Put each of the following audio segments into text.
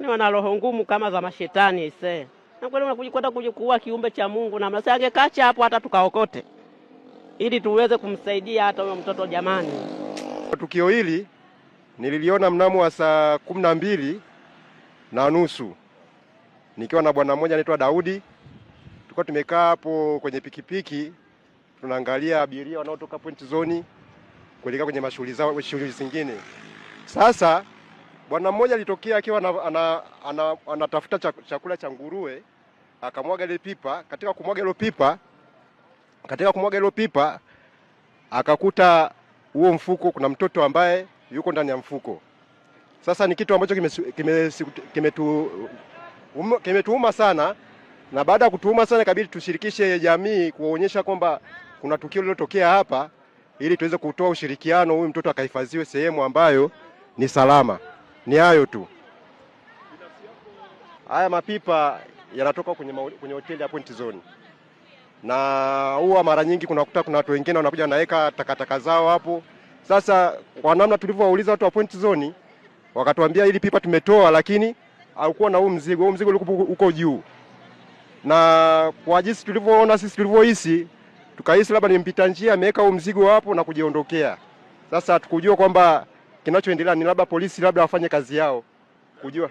ni wana roho ngumu kama za mashetani ise, na kweli unakwenda kujikuua kiumbe cha Mungu, na mnasema angekacha hapo hata tukaokote, ili tuweze kumsaidia hata huyo mtoto. Jamani, tukio hili nililiona mnamo wa saa kumi na mbili na nusu nikiwa na bwana mmoja anaitwa Daudi, tulikuwa tumekaa hapo kwenye pikipiki tunaangalia abiria wanaotoka point zoni kuelekea kwenye mashughuli zao, shughuli zingine sasa Bwana mmoja alitokea akiwa anatafuta ana, ana chakula cha nguruwe akamwaga ile pipa. Katika kumwaga ile pipa, katika kumwaga ile pipa akakuta huo mfuko kuna mtoto ambaye yuko ndani ya mfuko. Sasa ni kitu ambacho kimetuuma kime, kime kime sana, na baada ya kutuuma sana ikabidi tushirikishe jamii kuonyesha kwamba kuna tukio lililotokea hapa, ili tuweze kutoa ushirikiano, huyu mtoto akahifadhiwe sehemu ambayo ni salama. Ni hayo tu. Haya mapipa yanatoka kwenye, kwenye hoteli ya Point Zone na huwa mara nyingi kunakuta kuna watu wengine wanakuja wanaweka takataka zao hapo. Sasa kwa namna tulivyowauliza watu wa Point Zone, wakatuambia hili pipa tumetoa, lakini haukuwa na huu mzigo. Huu mzigo ulikuwa uko juu, na kwa jinsi tulivyoona sisi, tulivyohisi, tukahisi labda ni mpita njia ameweka huu mzigo hapo na kujiondokea. Sasa tukujua kwamba kinachoendelea ni labda polisi labda wafanye kazi yao kujua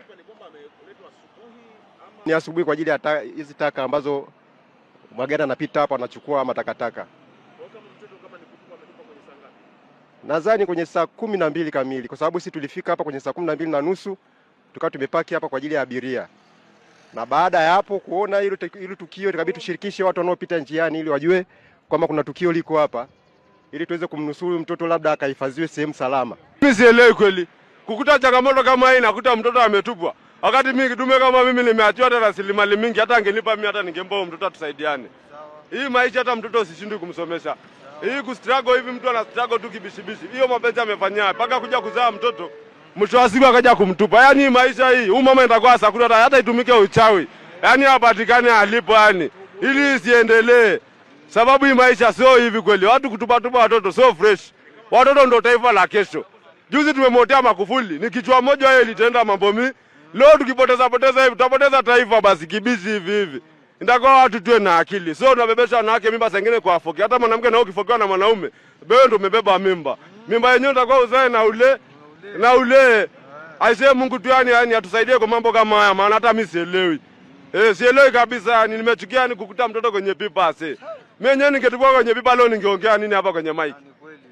ni asubuhi kwa ajili ya hizi taka ambazo magari yanapita hapa wanachukua ama takataka. Nadhani kwenye saa kumi na mbili kamili kwa sababu sisi tulifika hapa kwenye saa kumi na mbili na nusu tukawa tumepaki hapa kwa ajili ya abiria, na baada ya hapo kuona hilo tukio ikabidi tushirikishe watu wanaopita njiani ili wajue kwamba kuna tukio liko hapa, ili tuweze kumnusuru mtoto labda akahifadhiwe sehemu salama. Mimi sielewi kweli kukuta changamoto kama hii, nakuta mtoto ametupwa, wakati mimi kidume kama mimi nimeachiwa hata rasilimali mingi, hata angenipa mimi, hata ningempa mtoto atusaidiane. Hii maisha hata mtoto usishindwe kumsomesha hii kustrago hivi, mtu ana struggle tu kibishibishi. Hiyo mapenzi amefanyia mpaka kuja kuzaa mtoto, mwisho wa siku akaja kumtupa. Yaani maisha hii, huyu mama itakuwa asakura hata itumike uchawi, yaani apatikane alipo, yani ili isiendelee, sababu hii maisha sio hivi kweli. Watu kutupa tupa watoto sio fresh. Watoto ndio taifa la kesho. Juzi tumemwotea Magufuli, ni kichwa moja hiyo ilitenda mambo mi. Leo tukipoteza poteza hivi tutapoteza taifa basi kibichi hivi hivi. Ndakwa watu tuwe na akili. Sio unabebesha wanawake mimba zingine kwa afoki. Hata mwanamke na ukifokiwa na mwanaume, wewe ndio umebeba mimba. Mimba yenyewe ndakwa uzae na ule na ule. Aisee Mungu tu yani yani atusaidie kwa mambo kama haya maana hata mimi sielewi. Eh, sielewi kabisa. yani, Nimechukia ni yaani kukuta mtoto kwenye pipa ase. Mimi yenyewe ningetupwa kwenye pipa leo ningeongea nini hapa kwenye mic?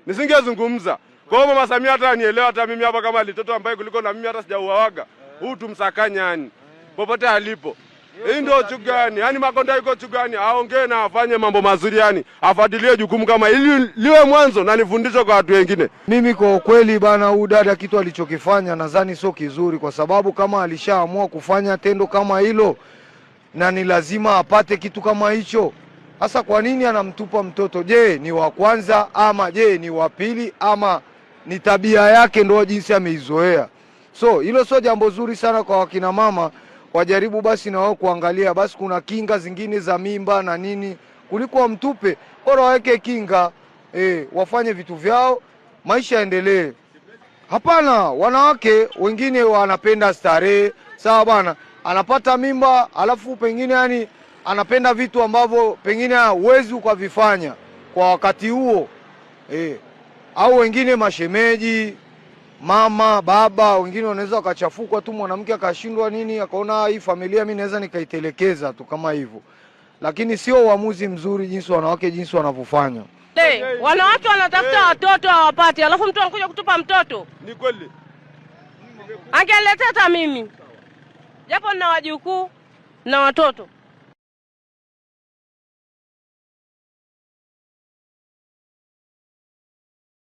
Nisingezungumza. Kwa hiyo mama Samia hata anielewa hata mimi hapa kama litoto ambaye kuliko na mimi hata sijauawaga. Eh. Huu tumsakanya yani. Eh. Popote alipo. Hii ndio chugani. Yaani Makonda yuko chugani. Aongee na afanye mambo mazuri yani. Afadilie jukumu kama ili liwe mwanzo na nifundishe kwa watu wengine. Mimi kwa ukweli bana, huyu dada kitu alichokifanya nadhani sio kizuri, kwa sababu kama alishaamua kufanya tendo kama hilo na ni lazima apate kitu kama hicho. Sasa kwa nini anamtupa mtoto? Je, ni wa kwanza ama je ni wa pili ama ni tabia yake, ndio jinsi ameizoea. So hilo sio jambo zuri sana kwa wakina mama, wajaribu basi na wao kuangalia basi kuna kinga zingine za mimba na nini, kuliko wamtupe, bora waweke kinga e, wafanye vitu vyao, maisha yaendelee. Hapana, wanawake wengine wanapenda starehe, sawa bwana, anapata mimba alafu pengine yani anapenda vitu ambavyo pengine huwezi ukavifanya kwa wakati huo e au wengine mashemeji, mama, baba, wengine wanaweza wakachafukwa tu, mwanamke akashindwa nini, akaona hii familia mi naweza nikaitelekeza tu kama hivyo, lakini sio uamuzi mzuri jinsi wanawake jinsi wanavyofanya. Wanawake wanatafuta hey, watoto hawapati, alafu mtu anakuja kutupa mtoto. Ni kweli angeleta hata mimi, japo nina wajukuu na watoto